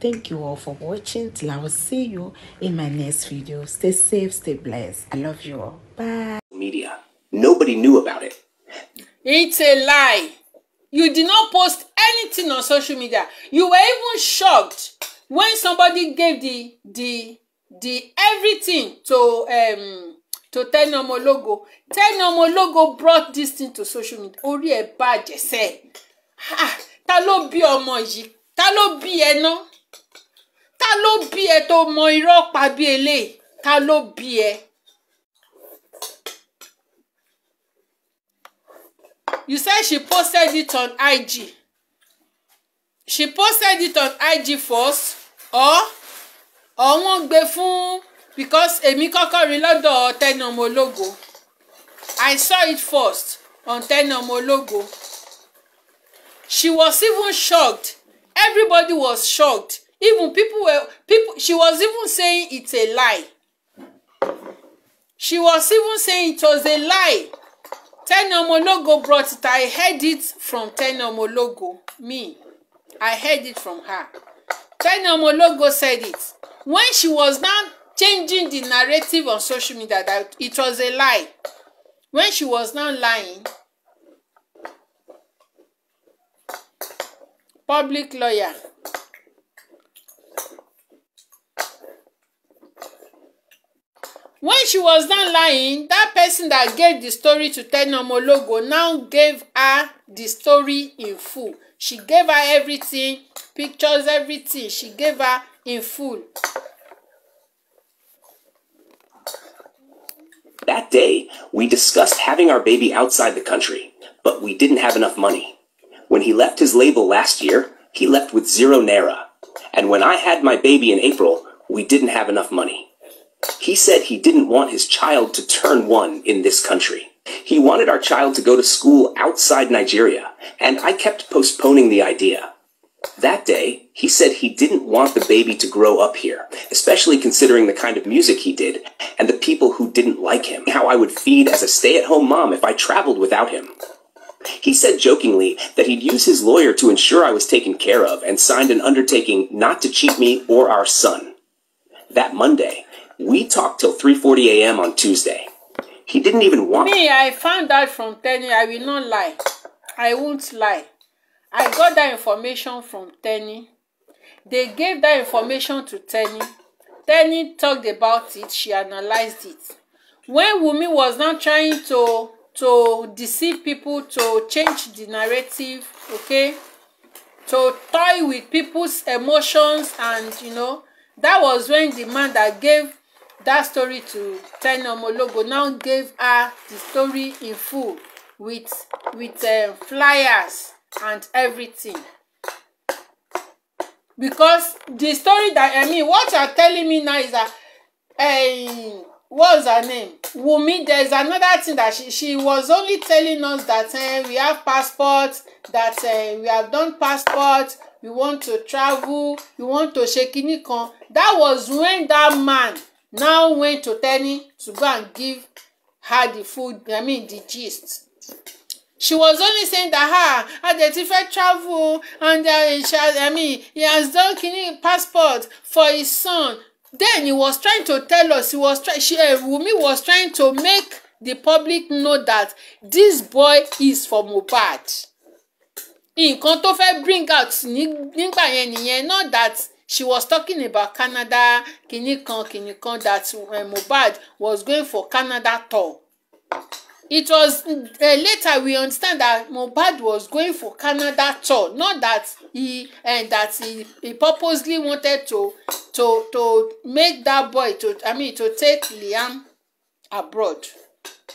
Thank you all for watching. Till I will see you in my next video. Stay safe, stay blessed. I love you all. Bye. Media. Nobody knew about it. It's a lie. You did not post anything on social media. You were even shocked when somebody gave the the the everything to um to Tenomo logo. Tenomo logo brought this thing to social media. Orí ẹ̀ bàjẹ́ Ah, Ta ló bí ọmọ yìí? Ta ló bí ẹ náà? ta ló bí ẹ tó mọ irọ́ pa bí eléyìí ta ló bí ẹ. You said she posted it on IG. She posted it on IG first or or wọ́n gbé fún because èmi kọ́kọ́ rí lọ́dọ̀ Tẹ́ni Ọmọ Ológo. I saw it first on Tẹ́ni Ọmọ Ológo. She was even shocked. Everybody was shocked even people were people she was even saying it's a lie she was even saying it was a lie Tenny Omologo brought it I heard it from Tenny Omologo me I heard it from her Tenny Omologo said it when she was now changing the narrative on social media that it was a lie when she was now lying public lawyer When she was not lying, that person that gave the story to Tenomologo now gave her the story in full. She gave her everything, pictures, everything. She gave her in full. That day, we discussed having our baby outside the country, but we didn't have enough money. When he left his label last year, he left with zero naira. And when I had my baby in April, we didn't have enough money. He said he didn't want his child to turn one in this country. He wanted our child to go to school outside Nigeria, and I kept postponing the idea. That day, he said he didn't want the baby to grow up here, especially considering the kind of music he did and the people who didn't like him, how I would feed as a stay-at-home mom if I traveled without him. He said jokingly that he'd use his lawyer to ensure I was taken care of and signed an undertaking not to cheat me or our son. That Monday, we talked till 3.40 a.m. on Tuesday. He didn't even want... Me, I found out from Tenny. I will not lie. I won't lie. I got that information from Tenny. They gave that information to Tenny. Tenny talked about it. She analyzed it. When Wumi was now trying to to deceive people, to change the narrative, okay? To toy with people's emotions and, you know, that was when the man that gave that story to Teni Omologo now gave her the story in full with with um, flyers and everything because the story that I mean what you are telling me now is that um, what's her name Wunmi There's another thing that she she was only telling us that uh, we have passport that uh, we have done passport we want to travel we want to ṣe kinní kan that was when that man now went to Tenny to go and give her the food, I mean the gist. She was only saying that her her they different travel and uh, child. I mean he has done kidney passport for his son. Then he was trying to tell us he was trying she uh, Wunmi was trying to make the public know that this boy is for Mohbad. Nǹkan tó fẹ́ bring out nígbà yẹn nìyẹn not that she was talking about Canada kìnì kan kìnì kan that uh, Mohbad was going for Canada tour it was uh, later we understand that Mohbad was going for Canada tour not that he uh, that he, he purposely wanted to to to make that boy to I mean to take Liam abroad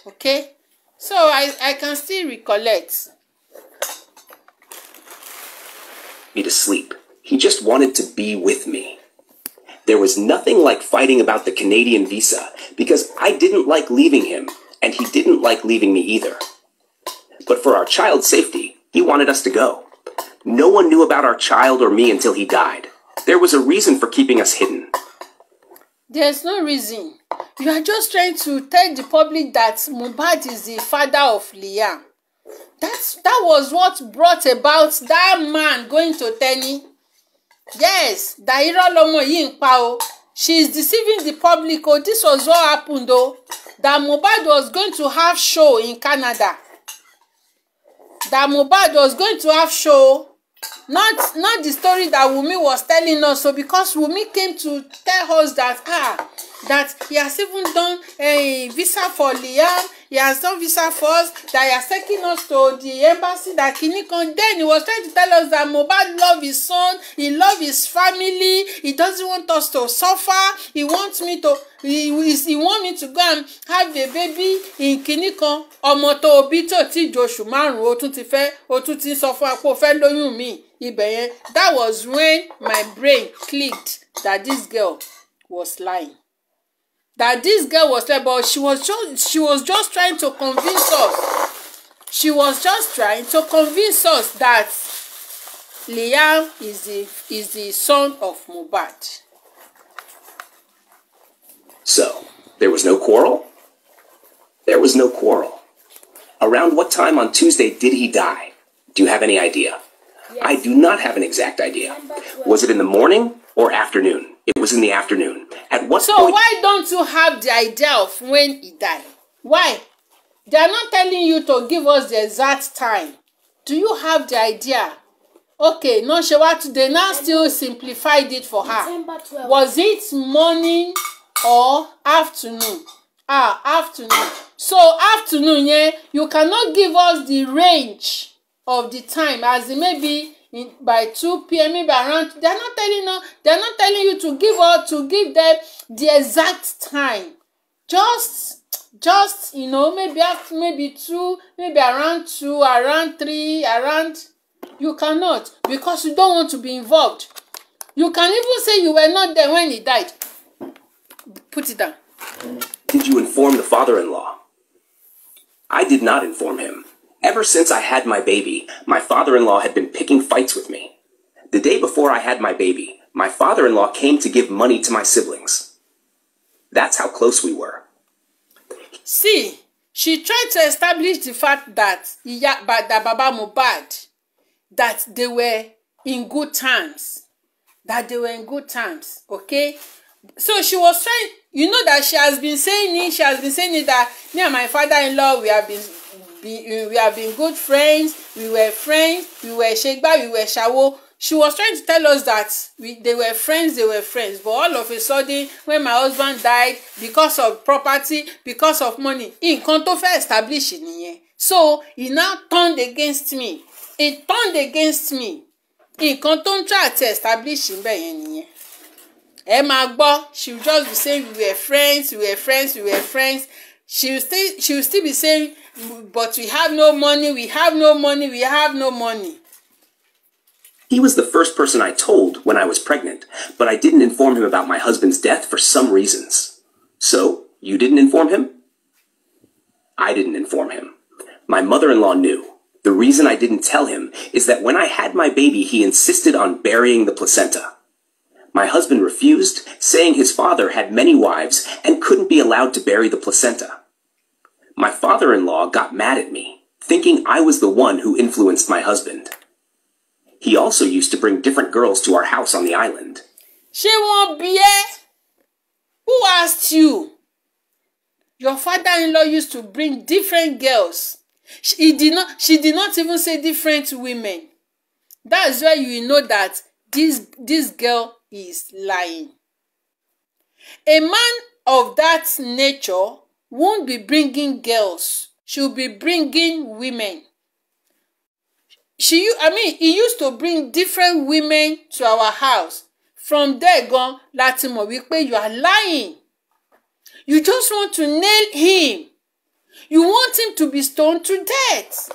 okay so I I can still recollect. Me to sleep. He just wanted to be with me. There was nothing like fighting about the Canadian visa because I didn't like leaving him and he didn't like leaving me either. But for our child's safety, he wanted us to go. No one knew about our child or me until he died. There was a reason for keeping us hidden. There's no reason. You are just trying to tell the public that Mubad is the father of Liam. That's, that was what brought about that man going to Tenny. yes dàírọ́ lọmọ yìí ń pa o she is deceiving the public o this was what happened o that Mohbad was going to have show in Canada that Mohbad was going to have show not not the story that Wumi was telling us so because Wumi came to tell us that ah that he has even done a eh, visa for Liam he has done visa for us that he has taken us to the embassy that kini kan then he was trying to tell us that Mohbad love his son he love his family he doesn't want us to suffer he wants me to he he, he want me to go and have a baby in kini kan ọmọ tó bí tó ti jòṣù márùn ó tún ti fẹ́ ó tún ti sọ fún apò fẹ́ lóyún mi ibẹ̀ yẹn that was when my brain clicked that this girl was lying. that this girl was there, but she was just she was just trying to convince us. She was just trying to convince us that Liam is the is the son of Mubad. So there was no quarrel. There was no quarrel. Around what time on Tuesday did he die? Do you have any idea? Yes. I do not have an exact idea. Was it in the morning? or afternoon. It was in the afternoon. At what so point- why don't you have the idea of when he died? Why? They are not telling you to give us the exact time. Do you have the idea? Okay, no ṣe wá today now still simplified it for her. Was it morning or afternoon? Ah, afternoon. So afternoon yeah, you cannot give us the range of the time as it may be in, by two p.m. by around they are not telling you they are not telling you to give or to give them the exact time just just you know maybe after maybe two maybe around two around three around you cannot because you don't want to be involved you can even say you were not there when he died put it down. did you inform the father-in-law i did not inform him Ever since I had my baby, my father-in-law had been picking fights with me. The day before I had my baby, my father-in-law came to give money to my siblings. That's how close we were. See, she tried to establish the fact that that Baba Mubad, that they were in good times, That they were in good times. okay? So she was trying, you know that she has been saying it, she has been saying it that me and my father-in-law, we have been been we have been good friends we were friends we were ṣègbà we were ṣàwo she was trying to tell us that we they were friends they were friends but all of a sudden when my husband died because of property because of money nǹkan tó fair establish nìyẹn so he now turned against me he turned against me nǹkan tó ń try to establish níbẹ̀ yẹn nìyẹn ẹ máa gbọ́ she just be saying we were friends we were friends we were friends she will still she will still be saying but we have no money we have no money we have no money he was the first person I told when I was pregnant, but I didn't inform him about my husband's death for some reasons. So, you didn't inform him? I didn't inform him. My mother-in-law knew. The reason I didn't tell him is that when I had my baby, he insisted on burying the placenta. My husband refused, saying his father had many wives and couldn't be allowed to bury the placenta my father-in-law got mad at me, thinking I was the one who influenced my husband. He also used to bring different girls to our house on the island. She won't be here. Who asked you? Your father-in-law used to bring different girls. She did not. She did not even say different women. That's where you know that this this girl is lying. A man of that nature won't be bringing girls she'll be bringing women she i mean he used to bring different women to our house from there gan láti mọ̀ wípé you are lying you just want to nail him you want him to be stoned to death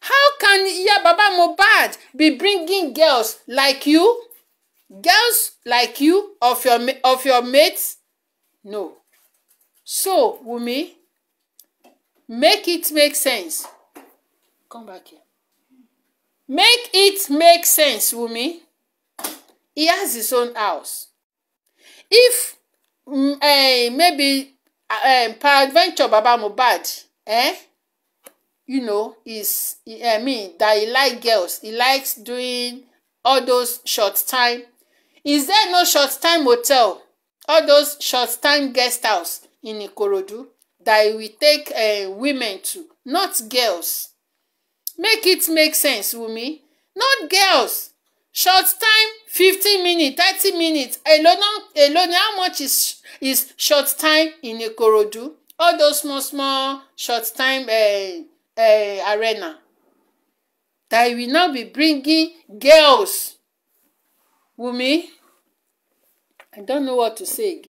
how can iya baba Mohbad be bringing girls like you girls like you of your of your mates no So, Wumi, make it make sense. Come back here. Make it make sense, Wumi. He has his own house. If mm, uh, maybe eh, eh, peradventure Baba Mohbad, eh? You know, is I mean that he like girls. He likes doing all those short time. Is there no short time hotel? All those short time guest house in Ikorodu that he will take uh, women to, not girls. Make it make sense, Wunmi. Not girls. Short time, 15 minutes, 30 minutes. Alone, alone, how much is, is short time in Ikorodu? All those small, small short time uh, uh, arena. That he will not be bringing girls. Wunmi, I don't know what to say again.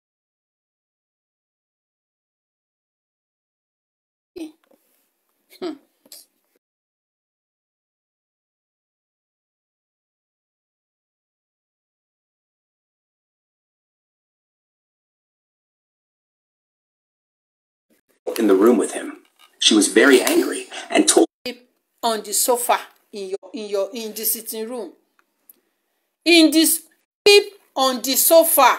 in the room with him. She was very angry and told on the sofa in your in your in the sitting room. In this sleep on the sofa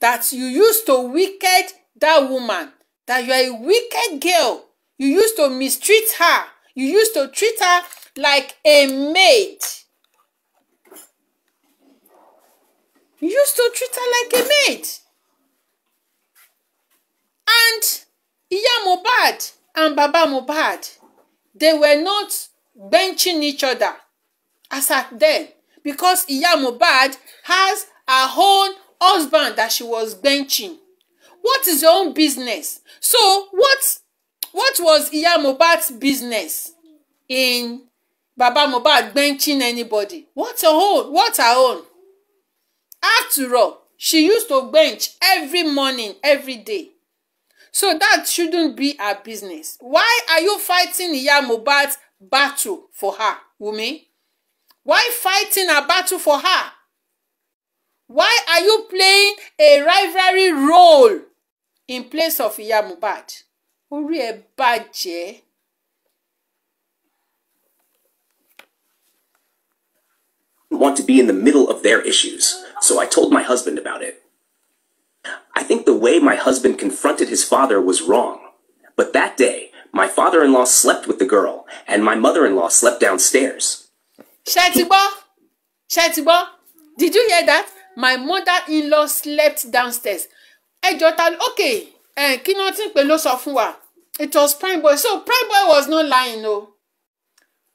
that you used to wicked that woman, that you are a wicked girl. You used to mistreat her. You used to treat her like a maid. You used to treat her like a maid. And Iya Mubad and Baba Mubad, they were not benching each other as at then because Iya Mubad has her own husband that she was benching. What is your own business? So what what was Iya Mubad's business in Baba Mubad benching anybody? What's her own? What's her own? After all, she used to bench every morning, every day. So that shouldn't be our business. Why are you fighting Iya battle for her, woman? Why fighting a battle for her? Why are you playing a rivalry role in place of Iya Mohbad? Orí ẹ want to be in the middle of their issues, so I told my husband about it. I think the way my husband confronted his father was wrong. But that day, my father-in-law slept with the girl, and my mother-in-law slept downstairs. Shetiba! Shetiba! Did you hear that? My mother-in-law slept downstairs. Ejota, okay. Eh, kí ló sọ It was Prime Boy. So Prime Boy was not lying, no.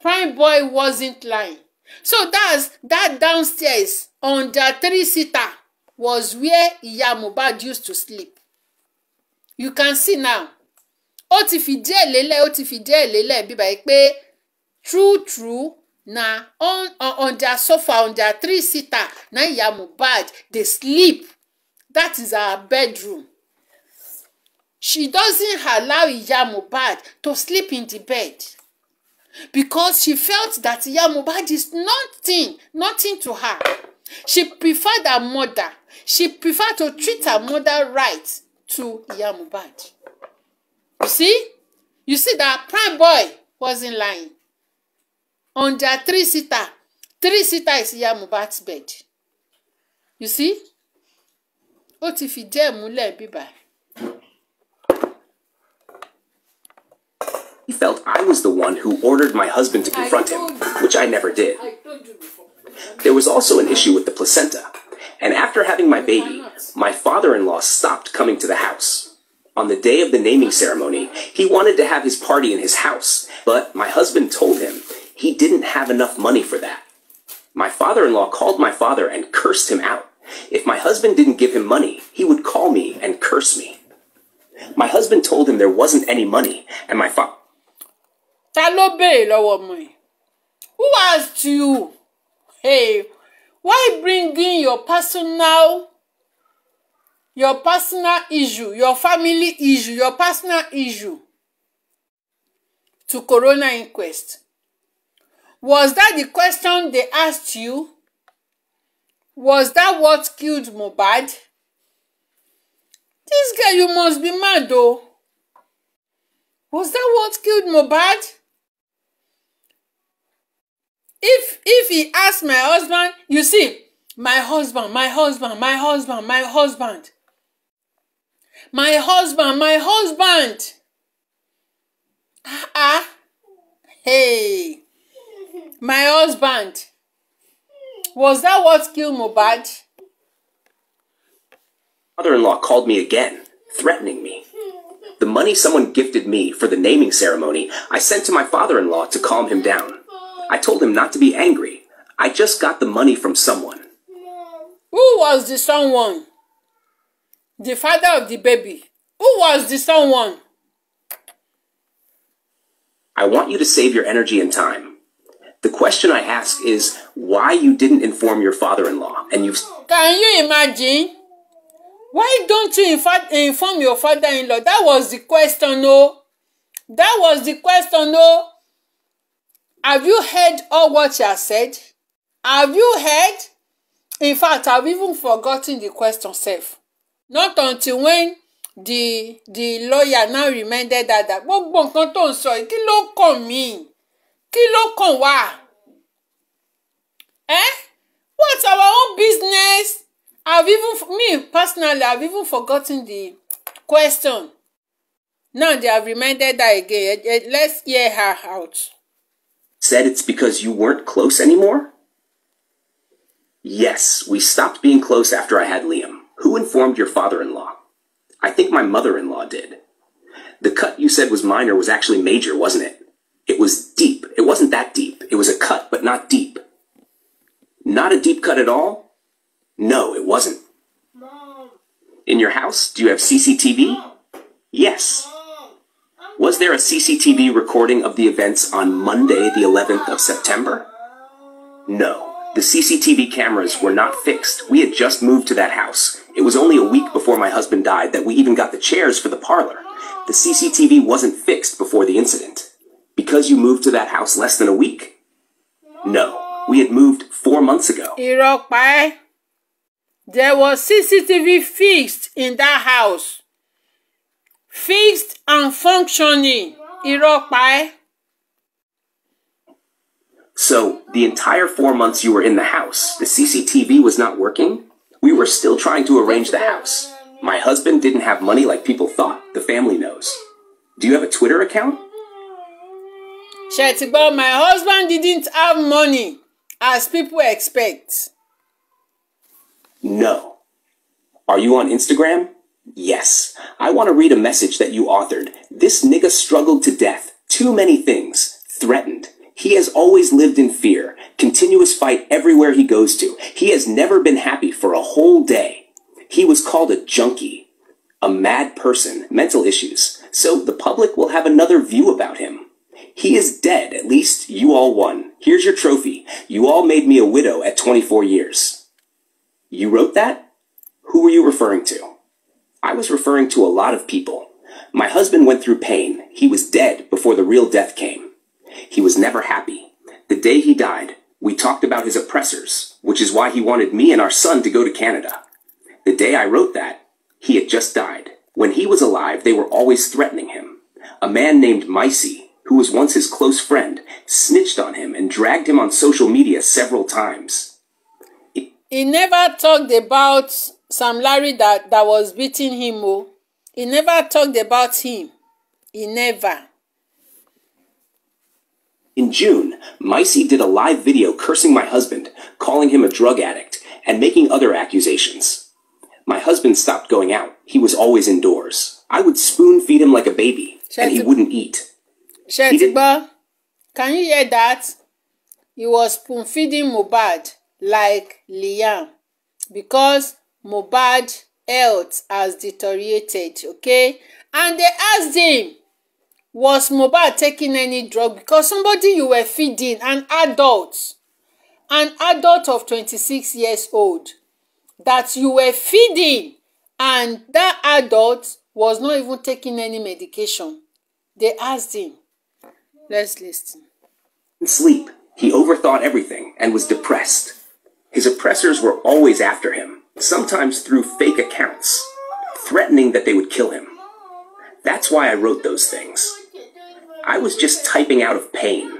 Prime Boy wasn't lying. So that's that downstairs on the three-seater was where ìyá Mohbad used to sleep you can see now ó ti fìdí ẹ̀ lélẹ̀ ó ti fìdí ẹ̀ lélẹ̀ bí báyìí pé true true na on, on, on their sofa on their three seater na ìyá Mohbad dey sleep that is her bedroom she doesn't allow ìyá Mohbad to sleep in the bed because she felt that ìyá Mohbad is nothing nothing to her. She preferred her mother. She preferred to treat her mother right to Iya You see? You see that prime boy wasn't lying. On their three sitter, three sitter is Iya bed. You see? What if he dare múlẹ̀ bíbá. He felt I was the one who ordered my husband to confront him, which I never did. I told you before. There was also an issue with the placenta, and after having my baby, my father-in-law stopped coming to the house. On the day of the naming ceremony, he wanted to have his party in his house, but my husband told him he didn't have enough money for that. My father-in-law called my father and cursed him out. If my husband didn't give him money, he would call me and curse me. My husband told him there wasn't any money, and my father... Ta ló béèrè lọ́wọ́ Who asked you? Hey, why bringing your personal your personal issue, your family issue, your personal issue to coroner inquest? Was that the question they asked you? Was that what killed Mohbad? This girl, you must be mad though. Was that what killed Mohbad? if if he asks my husband you see my husband my husband my husband my husband my husband my husband ah ah hey my husband was that what killed Mubad? Mother-in-law called me again, threatening me. The money someone gifted me for the naming ceremony, I sent to my father-in-law to calm him down. I told him not to be angry. I just got the money from someone. Who was the someone? The father of the baby. Who was the someone? I want you to save your energy and time. The question I ask is why you didn't inform your father-in-law and you have Can you imagine? Why don't you inform your father-in-law? That was the question, no. Oh. That was the question, no. Oh. Have you heard all what she has said? Have you heard? In fact, I've even forgotten the question sef. Not until when the the lawyer now reminded that that gbogbo nǹkan tó ń sọ yìí kí ló kàn mí kí ló kàn Eh? What's our own business? I've even me personally I've even forgotten the question. Now they have reminded that again. Eh, eh, let's hear her out. said it's because you weren't close anymore? Yes, we stopped being close after I had Liam. Who informed your father-in-law? I think my mother-in-law did. The cut you said was minor was actually major, wasn't it? It was deep. It wasn't that deep. It was a cut, but not deep. Not a deep cut at all? No, it wasn't. Mom. In your house, do you have CCTV? Mom. Yes. Was there a CCTV recording of the events on Monday, the 11th of September? No. The CCTV cameras were not fixed. We had just moved to that house. It was only a week before my husband died that we even got the chairs for the parlor. The CCTV wasn't fixed before the incident. Because you moved to that house less than a week? No. We had moved four months ago. there was CCTV fixed in that house. Fixed functioning. So, the entire four months you were in the house, the CCTV was not working? We were still trying to arrange the house. My husband didn't have money like people thought. The family knows. Do you have a Twitter account? Shetibo, my husband didn't have money, as people expect. No. Are you on Instagram? Yes. I want to read a message that you authored This nigga struggled to death. Too many things. Threatened. He has always lived in fear. Continuous fight everywhere he goes to. He has never been happy for a whole day. He was called a junkie. A mad person. Mental issues. So the public will have another view about him. He is dead. At least you all won. Here's your trophy. You all made me a widow at 24 years. You wrote that? Who were you referring to? I was referring to a lot of people. My husband went through pain. He was dead before the real death came. He was never happy. The day he died, we talked about his oppressors, which is why he wanted me and our son to go to Canada. The day I wrote that, he had just died. When he was alive, they were always threatening him. A man named Micey, who was once his close friend, snitched on him and dragged him on social media several times. He never talked about Sam Larry that, that was beating him. Oh. He never talked about him. He never. In June, Micey did a live video cursing my husband, calling him a drug addict, and making other accusations. My husband stopped going out. He was always indoors. I would spoon feed him like a baby, and he wouldn't eat. Shetiba, can you hear that? He was spoon feeding Mubad like Liam because Mubad health has deteriorated okay and they asked him was mobile taking any drug because somebody you were feeding an adult an adult of 26 years old that you were feeding and that adult was not even taking any medication they asked him let's listen sleep he overthought everything and was depressed his oppressors were always after him sometimes through fake accounts, threatening that they would kill him. That's why I wrote those things. I was just typing out of pain.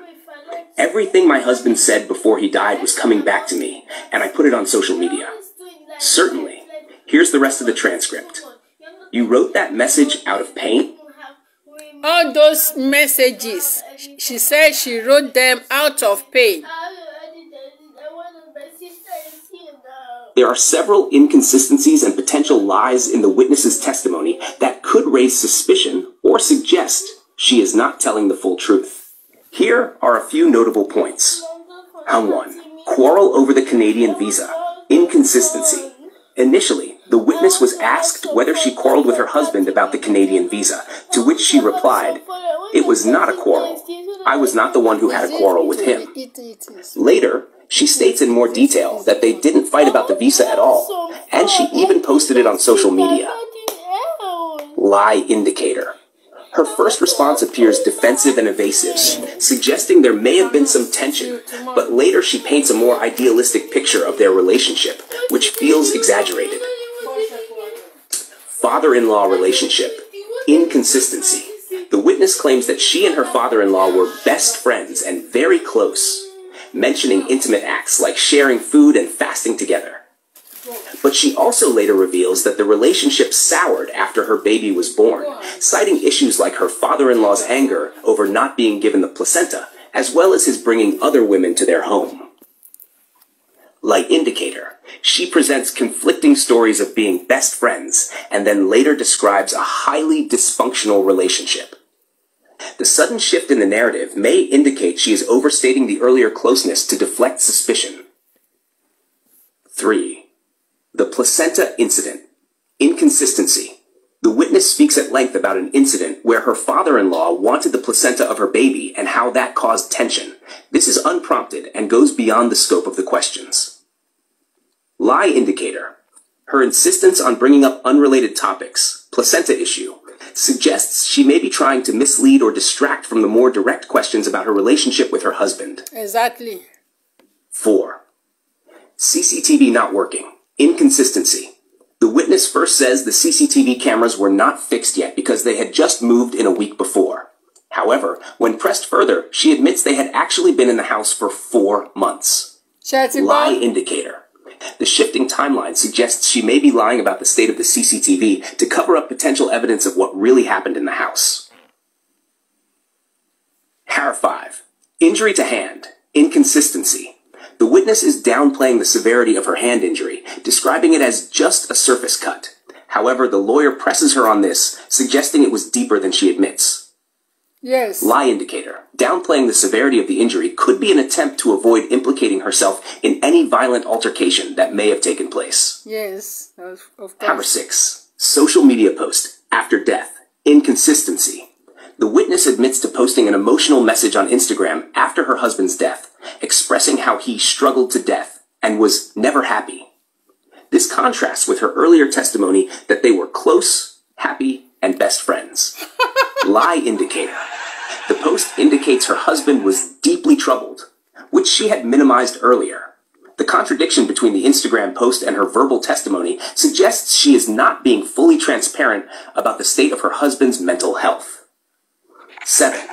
Everything my husband said before he died was coming back to me, and I put it on social media. Certainly. Here's the rest of the transcript. You wrote that message out of pain? All those messages, she said she wrote them out of pain. there are several inconsistencies and potential lies in the witness's testimony that could raise suspicion or suggest she is not telling the full truth. Here are a few notable points. How 1. Quarrel over the Canadian visa. Inconsistency. Initially, the witness was asked whether she quarreled with her husband about the Canadian visa, to which she replied, It was not a quarrel. I was not the one who had a quarrel with him. Later, she states in more detail that they didn't fight about the visa at all, and she even posted it on social media. Lie indicator. Her first response appears defensive and evasive, suggesting there may have been some tension, but later she paints a more idealistic picture of their relationship, which feels exaggerated. Father-in-law relationship. Inconsistency. The witness claims that she and her father-in-law were best friends and very close, mentioning intimate acts like sharing food and fasting together. But she also later reveals that the relationship soured after her baby was born, citing issues like her father-in-law's anger over not being given the placenta, as well as his bringing other women to their home. Like Indicator, she presents conflicting stories of being best friends and then later describes a highly dysfunctional relationship. The sudden shift in the narrative may indicate she is overstating the earlier closeness to deflect suspicion. 3. The placenta incident. Inconsistency. The witness speaks at length about an incident where her father-in-law wanted the placenta of her baby and how that caused tension. This is unprompted and goes beyond the scope of the questions. Lie indicator. Her insistence on bringing up unrelated topics, placenta issue, suggests she may be trying to mislead or distract from the more direct questions about her relationship with her husband. Exactly. 4. CCTV not working. Inconsistency. The witness first says the CCTV cameras were not fixed yet because they had just moved in a week before. However, when pressed further, she admits they had actually been in the house for four months. Lie indicator. The shifting timeline suggests she may be lying about the state of the CCTV to cover up potential evidence of what really happened in the house. Hara 5. Injury to hand. Inconsistency. The witness is downplaying the severity of her hand injury, describing it as just a surface cut. However, the lawyer presses her on this, suggesting it was deeper than she admits. Yes. Lie indicator. Downplaying the severity of the injury could be an attempt to avoid implicating herself in any violent altercation that may have taken place. Yes, of, course. Number six. Social media post. After death. Inconsistency. The witness admits to posting an emotional message on Instagram after her husband's death, expressing how he struggled to death and was never happy. This contrasts with her earlier testimony that they were close, happy, and best friends. Lie indicator. The post indicates her husband was deeply troubled, which she had minimized earlier. The contradiction between the Instagram post and her verbal testimony suggests she is not being fully transparent about the state of her husband's mental health. 7.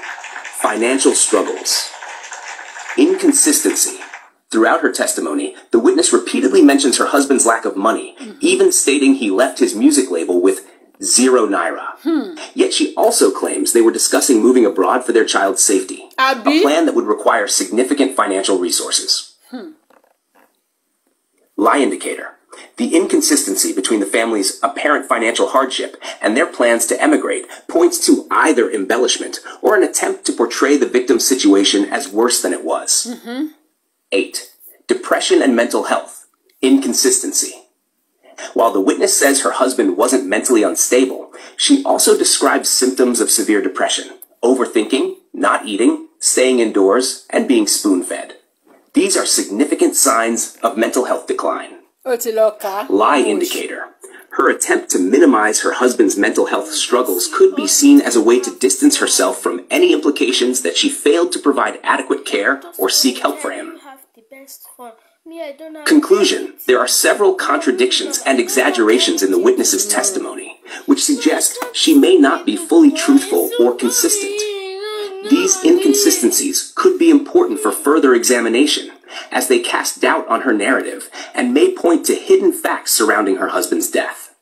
Financial struggles. Inconsistency. Throughout her testimony, the witness repeatedly mentions her husband's lack of money, even stating he left his music label with zero naira. Hmm. Yet she also claims they were discussing moving abroad for their child's safety, Abby? a plan that would require significant financial resources. Hmm. Lie indicator. The inconsistency between the family's apparent financial hardship and their plans to emigrate points to either embellishment or an attempt to portray the victim's situation as worse than it was. Mm -hmm. 8. Depression and mental health. Inconsistency. While the witness says her husband wasn't mentally unstable, she also describes symptoms of severe depression, overthinking, not eating, staying indoors, and being spoon-fed. These are significant signs of mental health decline. Oh, Lie indicator. Her attempt to minimize her husband's mental health struggles could be seen as a way to distance herself from any implications that she failed to provide adequate care or seek help for him. Conclusion There are several contradictions and exaggerations in the witness's testimony, which suggest she may not be fully truthful or consistent. These inconsistencies could be important for further examination, as they cast doubt on her narrative and may point to hidden facts surrounding her husband's death.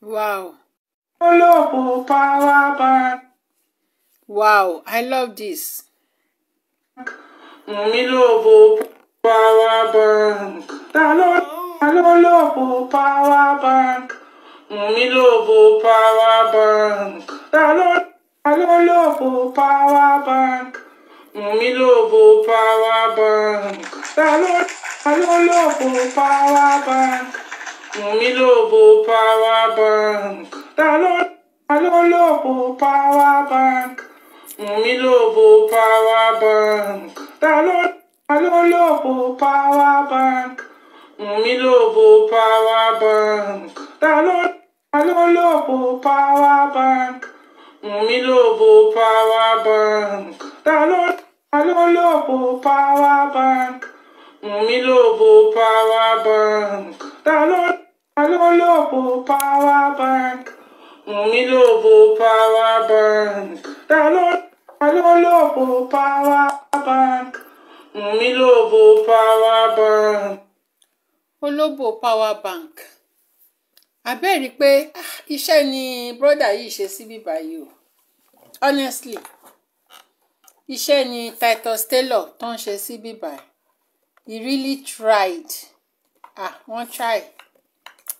Wow. Wow, I love this. Mílòbó power bank. Ta ló ta ló power bank? Mílòbó power bank. Ta ló ta ló power bank? Mílòbó power bank. Ta ló ta ló power bank? Mílòbó power bank. Ta ló ta ló power bank? mi lòbò power bank ta ló lòbò power bank mi lòbò power bank ta ló lòbò power bank mi lòbò power bank ta ló lòbò power bank mi lòbò power bank ta ló lòbò power bank mi lòbò power bank. ta ló ta power bank Wùnmí lòbò power bank. olóbò power bank àbẹ́ẹ̀rí pé ah, iṣẹ́ ni brọ́dà yìí ṣe síbí báyìí o honestly iṣẹ́ ni Titus Taylor tó ń ṣe síbí báyìí he really tried ah wọ́n try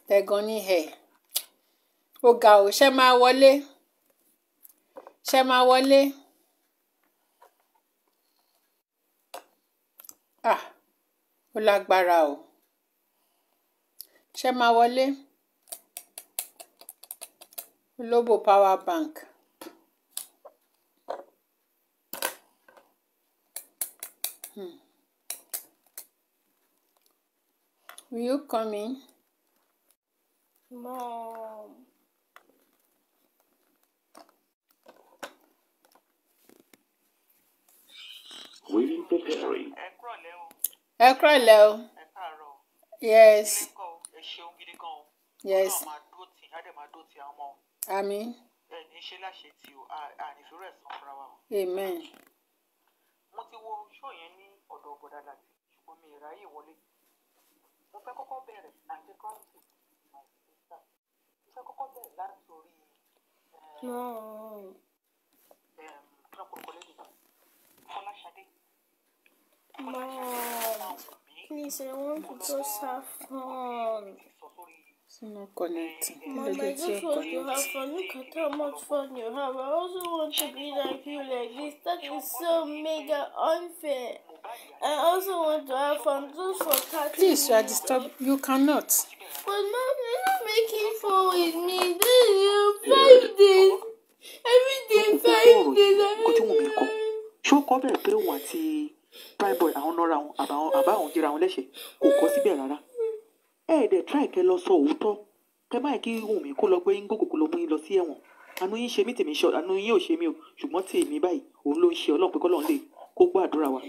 tẹ̀gàn ní ẹ̀ ó ga ò ṣe máa wọlé ṣe máa wọlé ah ó lágbára o ṣe máa wọlé Global Power Bank. Hmm. Will you come in? Mom. ẹ kúrọ̀ lẹ́ o. yes. yes. àmín. amen. mo fẹ́ kọ́kọ́ bẹ̀rẹ̀ àti kọ́ńtì my sister mo fẹ́ kọ́kọ́ bẹ̀rẹ̀ láti orí ọ̀pọ̀lọpọ̀ eh, Fọláṣadé. Mom, please, I want to just have fun. It's not connecting. Mom, I just want to have fun. Look at how much fun you have. I also want to be like you like this. That is so mega unfair. I also want to have fun just for 30 Please, you are disturbed. You cannot. But mom, you're not making fun with me. Then you five days. Every day, five days. Every day. Ṣé o prime boy àwọn nọ́ra wọn àbáwọn àbáwọn jẹra wọn lẹ́sẹ̀ kò kọ́ síbẹ̀ rárá ẹ ẹ̀ dẹ̀ try kẹ́ lọ sọ òótọ́ kẹ́ báyìí kí Wùnmí kó lọ gbé yíngò kòkó lọ mú yín lọ sí ẹ̀wọ̀n àánú yín ṣe mí tèmi ṣe àánú yín ò ṣe mí o ṣùgbọ́n tèmi báyìí òun ló ń ṣe ọlọ́run pé kọ́lọ́run lè kó gbọ́ àdúrà wa.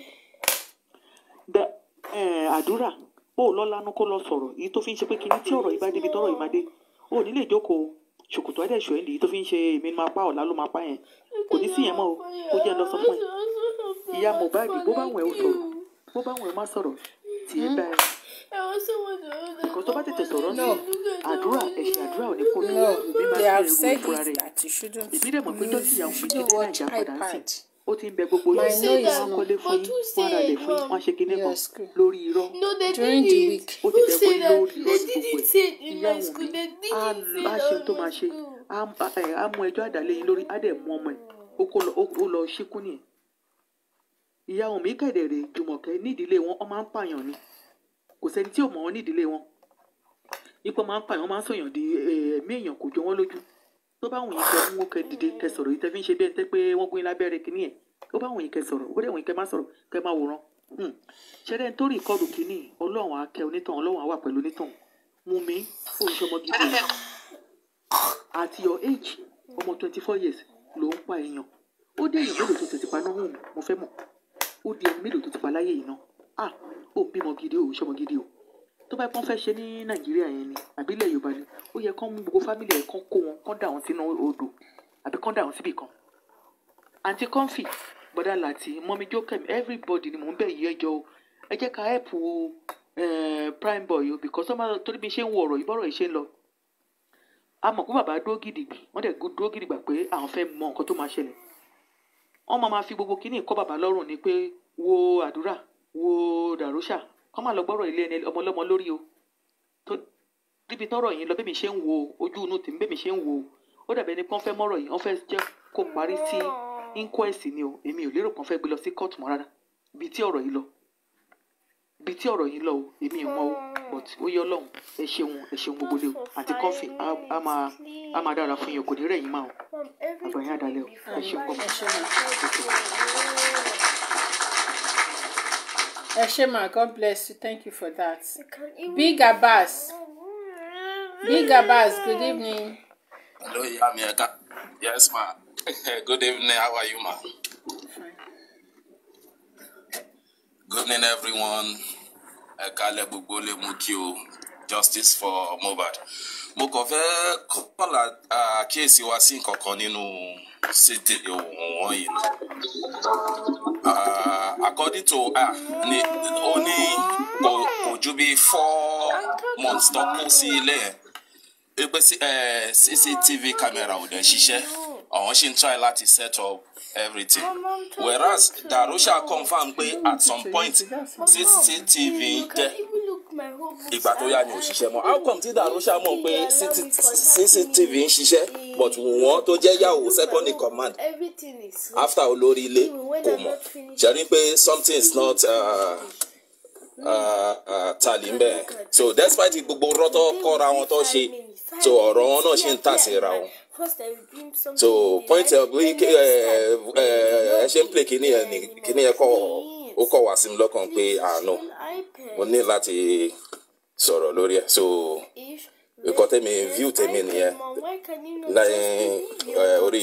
àdúrà bó o lọ́la nu kó lọ sọ̀rọ̀ èyí tó fi ń ṣe pé kinní tí ọ̀rọ̀ yìí bá débi tọ́rọ̀ yìí máa dé o ní lè jókòó ṣòkòtò adẹ́sọ̀ ẹ̀ lèyí tó fi ń ṣe èmi máa pa ọ̀la ló máa pa yẹn kò ní sí yẹn mọ́ o kó jẹ́ lọ sọ fún ẹ ìyá Mohbad bó bá wọn ẹ ó sọ̀rọ̀ bó bá wọn ẹ má sọ̀rọ̀ tì í bá ẹ. Because tó bá tètè sọ̀rọ̀ náà, àdúrà ẹ̀ṣẹ̀ àdúrà ò ní kó lóyún bí bá ṣe ewu fúnra rẹ̀. Ìbílẹ̀ mọ̀ pé dọ́tí ìyàwó fi kéde Nàìjíríà padà sí. Ó ti ń bẹ gbogbo yín, wọ́n kọ́lé fún yín, wọ́n ra lẹ̀ fún yín, wọ́n ṣe kinní kan lórí irọ́. During the week, ó ti bẹ fún lórí irọ́ gbogbo ẹ̀. Ìyá wọn á ṣe tó máa ṣe, á mú ẹjọ́ àdálẹ́yìn lórí, á dẹ̀ mú ọmọ ẹ̀, ó lọ ṣíkú nìyẹn ìyá omi kẹ̀dẹ̀rẹ̀ jùmọ̀kẹ́ nídìílé wọn ọ máa ń pààyàn ni kò sẹ́ni tí ò mọ̀ wọn nídìílé wọn ipò máa ń pààyàn máa ń sọ̀yàn di eh, ẹ̀mí èèyàn kò jọ wọ́n lójú tó bá wùn yín kẹ́ mú kẹ́ dìde kẹ́ sọ̀rọ̀ yìí tẹ́ fi ń ṣe bí ẹni tẹ́ pé wọ́n gún yín lábẹ́rẹ́ kínní ẹ̀ tó bá wùn yín kẹ́ sọ̀rọ̀ ó dẹ̀ wùn yín kẹ́ má sọ̀rọ̀ kẹ́ má wòran hmm. ṣẹ́rẹ́ tó rí ìkọlù kínní ọlọ́run á kẹ́ onítàn ọlọ́run á wà pẹ̀lú onítàn mú mi oṣọmọ gidi at your age ọmọ twenty four years ló ń pa èèyàn ó dé èèyàn mélòó tó tètè paná hùn mo fẹ́ mọ̀ ó di ẹni mélòó tó ti pa láyé yìí náà à ah, ó ń bímọ gidi o ṣọmọ gidi o tó bá pọ́n fẹ́ ṣe ní nàìjíríà yẹn ni àbí ilẹ̀ yorùbá ni ó yẹ kán mú gbogbo fámìlì ẹ̀ kán kó wọn kán dà wọn sínú odò àbí kán dà wọn síbì kan àǹtí kọ́ńfì bọ́dá láti mọ́mí jókèm everybody ni mò ń bẹ̀ yí ẹjọ́ o ẹ jẹ́ ká help o prime boy o because ọmọ torí bí ṣe ń wo ọ̀rọ̀ yìí bọ́rọ̀ yìí ṣe ń lọ a mọ̀ pé bàbá dúró gidigba wọ́n dẹ̀ dúró gidigba pé àwọn fẹ́ mọ nǹkan tó máa ṣẹlẹ̀ wọ́n máa ma fi gbogbo kíní kọ́ bàbá lọ́rùn ni pé wo àdúrà wo dàrúṣà kọ́ máa lọ gbọ́rọ̀ ilé ẹni ọmọlọ́mọ lórí o tó níbi tọ́rọ̀ yìí lọ bẹ́ẹ̀ mi ṣe ń wo ojú inú tèmi bẹ́ẹ̀ mi ṣe ń wo ó dàbẹ̀ ni kán fẹ́ mọ́rọ̀ yìí wọ́n fẹ́ jẹ́ kó parí sí inquest ni o èmi ò lérò kán fẹ́ gbé lọ sí court mọ́ rárá ibi tí ọ̀rọ̀ yìí lọ bí tí ọ̀rọ̀ yìí lọ o èmi ò o but ó yẹ ọlọ́run ẹ ṣeun ẹ ṣeun gbogbo lé o àti kọ́fì á máa dára fún yín kò ní rẹ̀ máa o àgbà yín o ẹ ṣeun pọ̀ mọ́. ẹ ṣe ma God bless you thank you for that Big Abbas Big Abbas good evening. hello ìyá mi ẹ̀ka yes ma good evening how are you ma. Fine. Good evening, everyone. Ẹ kálẹ̀ gbogbo lè mú kí o justice for Mohbad. Mo kàn fẹ́ kọ́lá àkíyèsí wa sí nǹkan kan nínú sídìí ohun wọ̀nyí. According to uh, ni ó ní kò ju four months tó kú sí ilé ẹ̀. Ẹ CCTV camera ò dẹ̀ ṣiṣẹ́ àwọn ṣì ń try láti set up everything whereas Darusha confam pé at some point CCTV ń tẹ ìgbà tó yá ni ò ṣiṣẹ́ mọ́ how come tí Darusha mọ̀ pé CCTV ń ṣiṣẹ́ but wọ́n tó jẹ́ yàwó second in command after olórí ilé kò mọ̀ ṣe rí pé something is not. Uh, uh, Uh, uh, tali ń bẹ so despite gbogbo rọtọ kọra wọn tó ṣe so ọ̀rọ̀ wọn náà ṣe ń tà síra wọn so point ọ̀gbìn ẹ ṣe ń play kínní ẹ kínní ẹ kọ́ ó kọ̀ wá sí mi lọ́kàn pé àánú mo ní láti sọ̀rọ̀ lórí ẹ̀ so nǹkan tẹ́mi view tẹ́mi nìyẹn lẹ́yìn eh, orí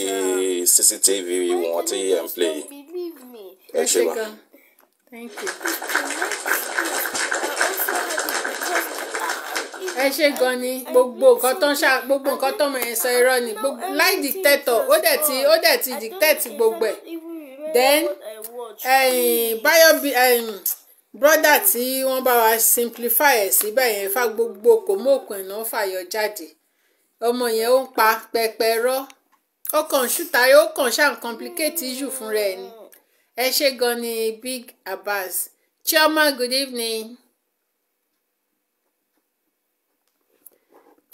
cctv wọn tí ẹ̀ ń play ẹ ṣe wa. Thank you ẹ ṣe gan ni gbogbo nǹkan tó ń ṣá gbogbo nǹkan tó ń sọ irọ́ ni láì dìtẹ́tọ̀ ó dẹ̀ ti ó dẹ̀ ti dìtẹ́tì gbogbo ẹ̀ then báyọ̀ brother tí wọ́n bá wa simplify ẹ̀ síbẹ̀ yẹn fa gbogbo kòmóòkùn iná fàyọ jáde ọmọ yẹn ó ń pa pẹpẹ rọ́ ó kàn ṣùtà ó kàn ṣàn complicate issue fúnra ẹ̀ ni ẹ ṣe gan ni Big Abbas Chioma good evening.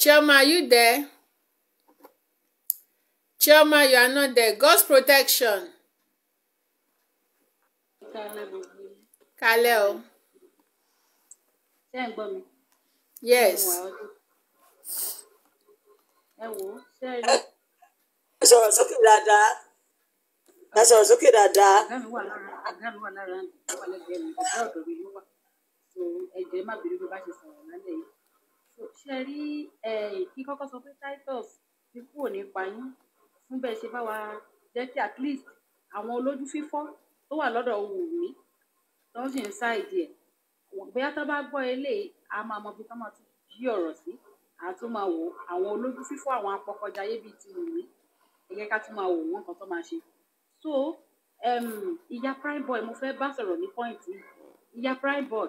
Chioma, are you there? Chioma, you are not there. God's protection. Kaleo. Yes. Ṣé ẹ gbọ́ mi? Yes. Ẹ wò ó, ṣé ẹ rí? Ẹ sọ̀rọ̀ sókè dáadáa. Ẹ sọ̀rọ̀ sókè dáadáa. Ọ̀gá mi wà lára ọ̀gá mi wà lára ọ̀gá mi wà lẹ́gbẹ̀ẹ́ mi. Ọ̀gá ọ̀dọ̀ mi ló wà. Ẹ̀jẹ̀ má bèrè bí bá ṣe sọ̀rọ̀ lálẹ́ yìí ṣe rí kí kọ́kọ́ sọ pé titus ti kúrò nípa yín fún bẹ́ẹ̀ ṣe bá wa jẹ́ kí at least àwọn olójú fífọ́ tó wà lọ́dọ̀ Wùmí tó ń sì ń ṣáìdì ẹ̀ bóyá tó bá gbọ́ eléyìí a máa mọ ibi tó máa tún yí ọ̀rọ̀ sí àtún máa wò àwọn olójú fífọ́ àwọn apọkọjáyé bíi ti Wùmí ẹ̀yẹ́ ká tún máa wò wọ́n kan tó máa ṣe so ìyá Primeboy mo fẹ́ bá sọ̀rọ̀ ní pọ́ìntì ìyá Primeboy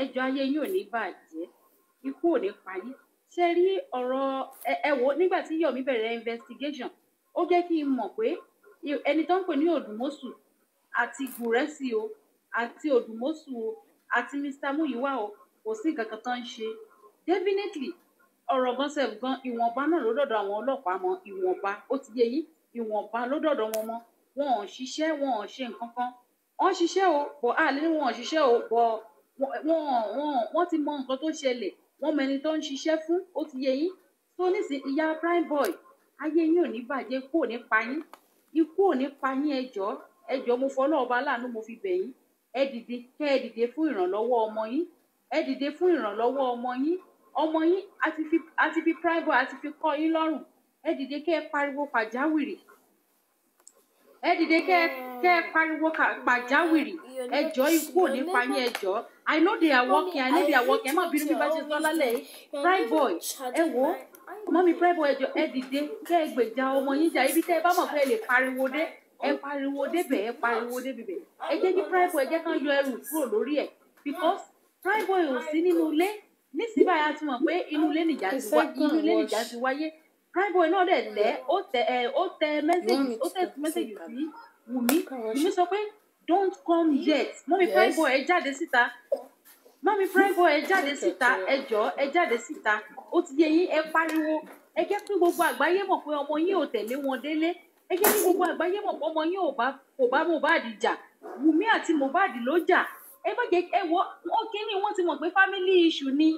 ẹjọ́ ayé yín ní bàjẹ́ ikú ò ní pa yín ṣe rí ọ̀rọ̀ ẹ nígbà tí Yomi bẹ̀rẹ̀ investigation ó jẹ́ kí n mọ̀ pé ẹni tó ń pè ní Òdùmọ́sù àti Gùrẹ́sì o àti Òdùmọ́sù o àti Mr Muyiwa o kò sí nǹkan kan tó ń ṣe definitely ọ̀rọ̀ gánṣẹ́ gan ìwọ̀nba náà ló dọ̀dọ̀ àwọn ọlọ́pàá mọ́ ìwọ̀nba ó ti yé yín ìwọ̀nba ló dọ̀dọ̀ wọn mọ́ wọn ò ṣiṣẹ́ wọn ò ṣe nǹkan kan wọ́n ṣiṣẹ́ o bọ̀ àlẹ́ wọn ò ṣiṣẹ́ o bọ̀ wọ́n wọ́n wọ́n ti mọ nǹkan tó ṣẹlẹ̀ wọ́n mọ ẹni tó ń ṣiṣẹ́ fún ó ti yé yín tó nísìnyí ìyá prime boy ayé yín ò ní bàjẹ́ kú ò ní pa yín ikú ò ní pa yín ẹjọ́ ẹjọ́ mo fọ́ náà ọba láàánú mo fi bẹ̀ yín ẹ dìde kẹ́ ẹ dìde fún ìrànlọ́wọ́ ọmọ yín ẹ dìde fún ìrànlọ́wọ́ ọmọ yín ọmọ yín àti fi prime boy àti fi kọ́ yín lọ́rùn ẹ dìde kẹ́ ẹ pariwo pàjáwìrì ẹ dìde kẹ́ ẹ pariwo pàjáwìrì ẹjọ́ ikú ò ní pa yín ẹjọ́ I know they are working I know they are working ẹ má bínú bí bá ṣe sọ lálẹ́ pride boy eh wo mọ́mí pride boy ẹjọ ẹ dìde kẹ́ ẹ gbèjà ọmọ yín jà ibi tẹ́ ẹ bá mọ̀ pé ẹ lè pariwo dé ẹ pariwo débẹ̀ ẹ pariwo débẹ̀ ẹ jẹ́ kí pride boy ẹ jẹ́ kán yọ ẹrù kúrò lórí because pride boy ò sí nínú ilé nísìnyí báyìí a ti mọ̀ pé inú ilé nìjà ti wá inú ilé nìjà ti wáyé prime boy náà o tẹ́ ó tẹ mẹ́sẹ̀gì ó tẹ mẹ́sẹ̀gì sí Wùmí Wùmí sọ pé don't come yet mọ́mí Primeboy ẹ jáde síta mọ́mí Primeboy ẹ jáde síta ẹ jọ ẹ jáde síta ó ti yẹ yín ẹ pariwo ẹ jẹ́ kí gbogbo àgbáyé mọ̀ pé ọmọ yín ò tẹ̀lé wọn délé ẹ jẹ́ kí gbogbo àgbáyé mọ̀ pé ọmọ yín ò bá Mohbad jà Wùmí àti Mohbad ló jà ẹ má jẹ́ ẹ wọ ó kíní wọ́n ti mọ̀ pé family issue ni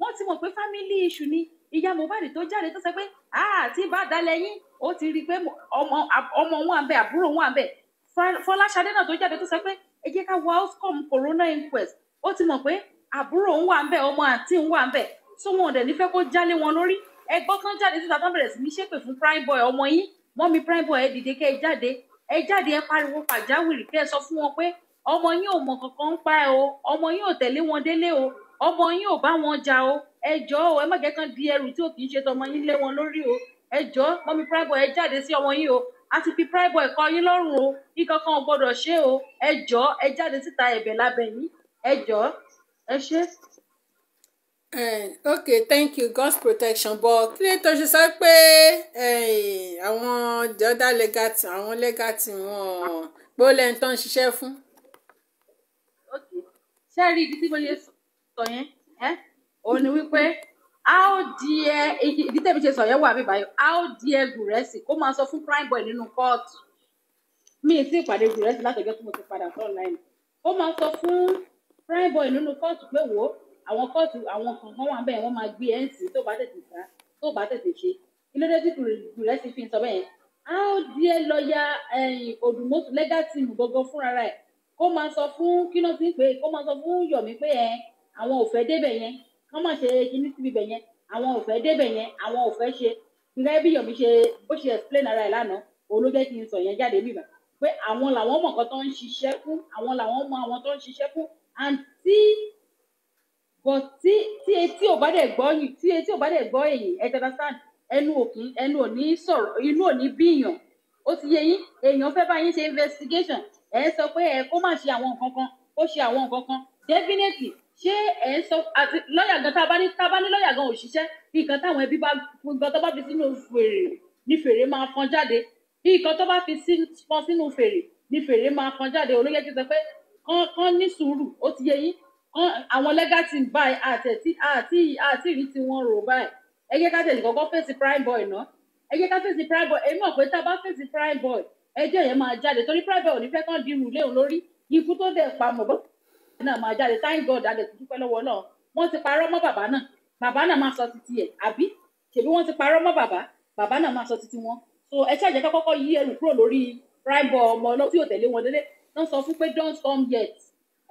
wọ́n ti mọ̀ pé family issue ni ìyá Mohbad tó jáde tó sọ pé àti ah, bá dalẹ̀ yín ó ti rí i pé ọmọ wọn àbẹ àbúrò wọn àbẹ fọláṣadé náà tó jáde tó sọ pé ẹ jẹ́ ká wá outcome corona inquest ó ti mọ̀ pé àbúrò ń wà ń bẹ̀ ọmọ àǹtí ń wà ń bẹ̀ tó wọn ò dẹ̀ ní fẹ́ kó jálé wọn lórí ẹgbọ́n kan jáde síta tó bẹ̀rẹ̀ sí ní ṣépè fún prime boy ọmọ yín mọ́mí prime boy ẹ dìde kẹ́ ẹ jáde ẹ jáde ẹ pariwo pàjáwìrì kẹ́ ẹ sọ fún wọn pé ọmọ yín ò mọ̀ kankan ń pa ẹ o ọmọ yín ò tẹ̀lé wọn délé o ọmọ yín ò bá wọn jà o ẹ jọ̀ọ́ o ẹ má jẹ́ kán di ẹrù tí ò kì í ṣe tọmọ yín lé wọn lórí o ẹ jọ̀ọ́ mọ́mí prime boy ẹ jáde sí ọmọ yín o a ti fi Primeboy kọ́ yín lọ́rùn o nǹkan kan ò gbọ́dọ̀ ṣe o ẹ jọ ẹ jáde síta ẹ̀bẹ̀ lábẹ́ yín ẹ jọ ẹ ṣe. ok thank you God's protection but kí ló tó ṣe sọ pé àwọn jọ́dá legati àwọn legati wọn gbọ́ lẹ́yìn tó ń ṣiṣẹ́ fún. ok ṣé ẹ rí ibi tí mo lè sọ yẹn òun ni wípé how dear ìdí tẹ̀mí ṣe sọ̀yẹ́ wà mí báyìí how dear gùrẹ́sì kó máa sọ fún prime boy nínú kóòtù mi ì tí ì pàdé gùrẹ́sì látọjọ́ tí mo ti padà sọ̀rọ̀ láì ó máa sọ fún prime boy nínú kóòtù pé wò ó àwọn kóòtù àwọn kankan wà bẹ́ẹ̀ wọ́n máa gbé ẹ̀ ń sìn tó bá tètè sá tó bá tètè ṣe kí ló dé tí gùrẹ́sì fi ń sọ bẹ́ẹ̀ how dear lọ́ọ̀yà òdùmọ̀tò eh, legal team gbogbo fúnra rẹ̀ kó máa sọ fún kí ló ti ń pè é kó máa sọ fún yọ̀mí pé ẹ àwọn ò débẹ̀ yẹn wọ́n mọ̀ ṣe kíní síbi bẹ̀ yẹn àwọn ò fẹ́ débẹ̀ yẹn àwọn ò fẹ́ ṣe gẹ́gẹ́ bí Yomi ṣe bó ṣe explain ara ẹ̀ lánàá òun ló jẹ́ kí n sọ yẹn jáde níbà pé àwọn làwọn mọ̀ kan tó ń ṣiṣẹ́ fún àwọn làwọn mọ̀ àwọn tó ń ṣiṣẹ́ fún and tí but tí tí etí ò bá dẹ̀ gbọ́ yìí tí etí ò bá dẹ̀ gbọ́ èyí ẹ tẹ́tà stand ẹnu òkun ẹnu ò ní sọ̀rọ̀ inú ò ní bíyàn ó ti yẹ yín èèyàn fẹ́ bá yín ṣe investigation ẹ sọ pé ẹ kó má ṣe àwọn nǹkan kan ó ṣe àwọn nǹkan kan definitely ṣé ẹ ń sọ àti lọ́ọ̀yà gan tábá ní tábá ní lọ́ọ̀yà gan òṣìṣẹ́ nǹkan táwọn ẹbí bá nǹkan tó bá fi sínú fèrè ní fèrè máa fọn jáde nǹkan tó bá fi fọn sínú fèrè ní fèrè máa fọn jáde olóyè ti sọ pé kán ní sùúrù ó ti yẹ yín àwọn legacy báyìí àtẹ̀tí àti àti ìrí tí wọ́n rò báyìí ẹ ká tẹ̀sí kọ́kọ́ fèsì prime boy náà ẹ jẹ́ ká fèsì prime boy èmi mọ̀ pé tá a bá fèsì prime boy ẹjọ́ yẹn máa jáde torí prime boy ò ní fẹ́ kán dirun léun lórí ikú tó dẹ̀ pa mọ̀ bọ́ náà máa jáde thank God adé tó dúpẹ́ lọ́wọ́ náà wọ́n ti parọ́ mọ́ bàbá náà bàbá náà máa sọ títí ẹ̀ àbí ṣèbí wọ́n ti parọ́ mọ́ bàbá bàbá náà máa sọ títí wọn so ẹ ṣàjẹ́ ká kọ́kọ́ yí ẹrù kúrò lórí ráìbọ̀ ọmọ ọlọ́ tí ò tẹ̀lé wọn délé náà sọ fún pé don't come yet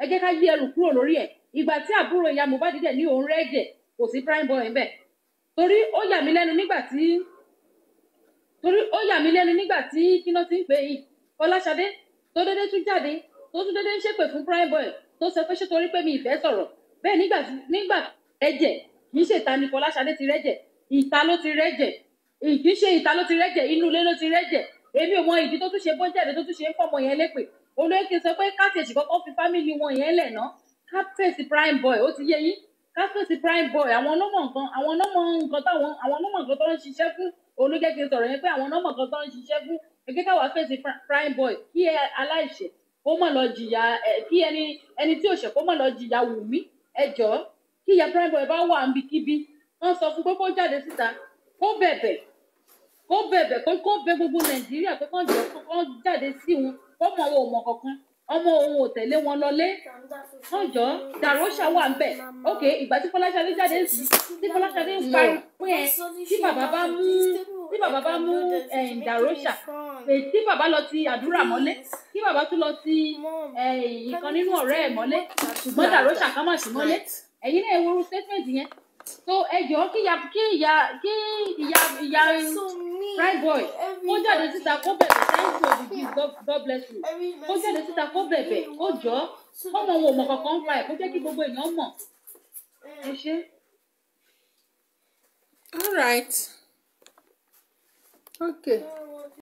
ẹ jẹ́ ká yí ẹrù kúrò lórí ẹ̀ ìgbà tí àbúrò ìyá Mohbad dẹ̀ ní òun rẹ́ẹ̀jẹ̀ kò sí prime boy ńbẹ̀ torí ó yà mí lẹ́nu nígbà tí torí ó yà mí lẹ́nu nígbà tí kíná ti ń pè yìí Fọláṣadé tó dédé tún jáde tó tún dédé ń ṣépè fún prime boy tó sọ pé ṣé torí pé mi ìfẹ́ sọ̀rọ̀ bẹ́ẹ̀ nígbà nígbà rẹ́jẹ̀ kì í ṣe ìta ni Fọláṣadé ti rẹ́jẹ̀ ìta ló ti rẹ́jẹ̀ kì í ṣe ìta ló ti rẹ́jẹ̀ inú ilé ló ti rẹ́jẹ̀ èmi ò mọ ìdí tó tún ṣe bọ́jáde tó tún ṣe ń fọmọ yẹn lépè olóyèké sọ pé káfíìsì kọ́kọ́ fi fámìlì wọn yẹn lẹ̀ ná káfíìsì prime boy ó ti yé yín káfíìsì prime boy àwọn ọlọ́mọ nǹkan àwọn ọlọ́mọ nǹkan táwọn àwọn ọlọ́mọ nǹkan tó ń ṣiṣẹ́ fún olóyèké sọ̀rọ̀ yẹn pé àwọn ọlọ́mọ nǹkan tó ń ṣiṣẹ́ fún ẹgbẹ́ káwá fèsì prime boy kí ẹ aláìṣẹ̀ kó mọ̀ lọ jìyà kí ẹni ẹni tí ò ṣẹ̀ kó mọ̀ lọ jìyà Wùmí ẹ jọ kí ìyá Prime Boy bá wà níbikíbi wọ́n sọ fún pé kó jáde síta kó bẹ̀bẹ̀ kó bẹ̀bẹ̀ kó kó bẹ gbogbo Nàìjíríà pé kó jọ kó jáde sí wọn kó mọ owó mọ kankan ọmọ òun ò tẹ̀lé wọn lọlé wọ́n jọ dàrọ́ṣà wà ńbẹ̀ ok ìgbà tí Fọláṣadé jáde sí tí Fọláṣadé ń parí pé ẹ tí bàbá bá mú tí bàbá bá mú eh, dàrósà eh, tí bàbá lọ ti àdúrà mọ́lé kí bàbá tún lọ ti eh, ìkan nínú ọ̀rẹ́ ẹ̀ mọ́lé ṣùgbọ́n dàrósà ká má sí mọ́lé ẹ̀yin náà ewu statement yẹn so ẹ jọ kí ìyá kí ìyá kí ìyá ìyá fry boy kó jáde síta kó bẹ̀bẹ̀ thank you the gift God bless you kó jáde síta kó bẹ̀bẹ̀ kó jọ kọ́mọ wọn ò kankan pa ẹ̀ kó jẹ́ kí mm. gbogbo èèyàn mọ̀ ẹ ṣe. all right. Ok.